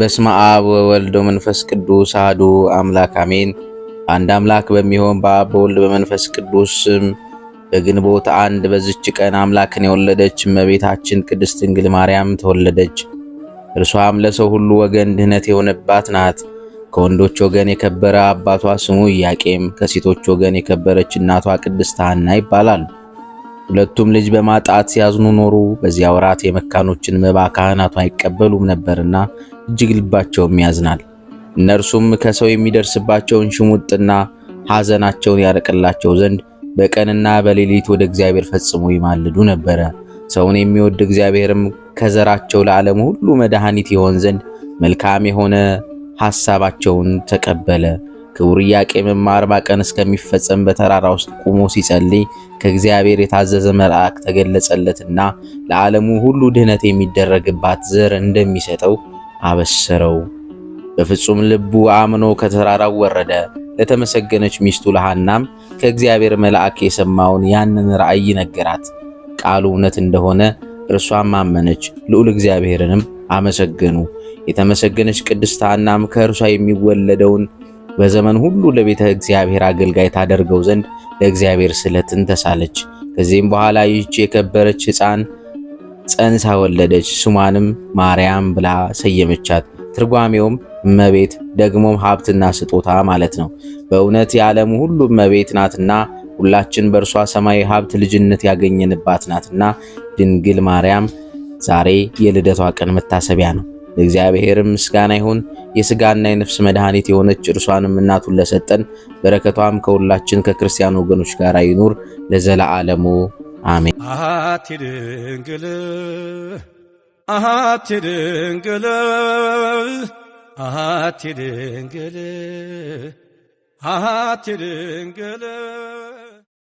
በስመ አብ ወወልድ ወመንፈስ ቅዱስ አሐዱ አምላክ አሜን። አንድ አምላክ በሚሆን በአብ በወልድ በመንፈስ ቅዱስ ስም በግንቦት አንድ በዝች ቀን አምላክን የወለደች እመቤታችን ቅድስት ድንግል ማርያም ተወለደች። እርሷም ለሰው ሁሉ ወገን ድህነት የሆነባት ናት። ከወንዶች ወገን የከበረ አባቷ ስሙ ኢያቄም፣ ከሴቶች ወገን የከበረች እናቷ ቅድስት ሐና ይባላል። ሁለቱም ልጅ በማጣት ሲያዝኑ ኖሩ። በዚያ ወራት የመካኖችን መባ ካህናቱ አይቀበሉም ነበርና እጅግ ልባቸውም ያዝናል። እነርሱም ከሰው የሚደርስባቸውን ሽሙጥና ሐዘናቸውን ያረቅላቸው ዘንድ በቀንና በሌሊት ወደ እግዚአብሔር ፈጽሞ ይማልዱ ነበረ። ሰውን የሚወድ እግዚአብሔርም ከዘራቸው ለዓለም ሁሉ መድኃኒት ይሆን ዘንድ መልካም የሆነ ሐሳባቸውን ተቀበለ። ክቡር ኢያቄምም አርባ ቀን እስከሚፈጸም በተራራ ውስጥ ቆሞ ሲጸልይ ከእግዚአብሔር የታዘዘ መልአክ ተገለጸለትና ለዓለሙ ሁሉ ድህነት የሚደረግባት ዘር እንደሚሰጠው አበሰረው። በፍጹም ልቡ አምኖ ከተራራው ወረደ። ለተመሰገነች ሚስቱ ለሐናም ከእግዚአብሔር መልአክ የሰማውን ያንን ራእይ ነገራት። ቃሉ እውነት እንደሆነ እርሷም አመነች፣ ልዑል እግዚአብሔርንም አመሰገኑ። የተመሰገነች ቅድስት ሐናም ከእርሷ የሚወለደውን በዘመን ሁሉ ለቤተ እግዚአብሔር አገልጋይ ታደርገው ዘንድ ለእግዚአብሔር ስለትን ተሳለች። ከዚህም በኋላ ይህች የከበረች ሕፃን ጸንሳ ወለደች። ስሟንም ማርያም ብላ ሰየመቻት። ትርጓሜውም እመቤት ደግሞም ሀብትና ስጦታ ማለት ነው። በእውነት የዓለሙ ሁሉ እመቤት ናትና ሁላችን በእርሷ ሰማያዊ ሀብት ልጅነት ያገኘንባት ናትና ድንግል ማርያም ዛሬ የልደቷ ቀን መታሰቢያ ነው። ለእግዚአብሔርም ምስጋና ይሁን። የስጋና የነፍስ መድኃኒት የሆነች እርሷንም እናቱን ለሰጠን በረከቷም ከሁላችን ከክርስቲያን ወገኖች ጋር ይኑር ዓለሙ አሜን። አሐቲ ድንግል አሐቲ ድንግል አሐቲ ድንግል አሐቲ ድንግል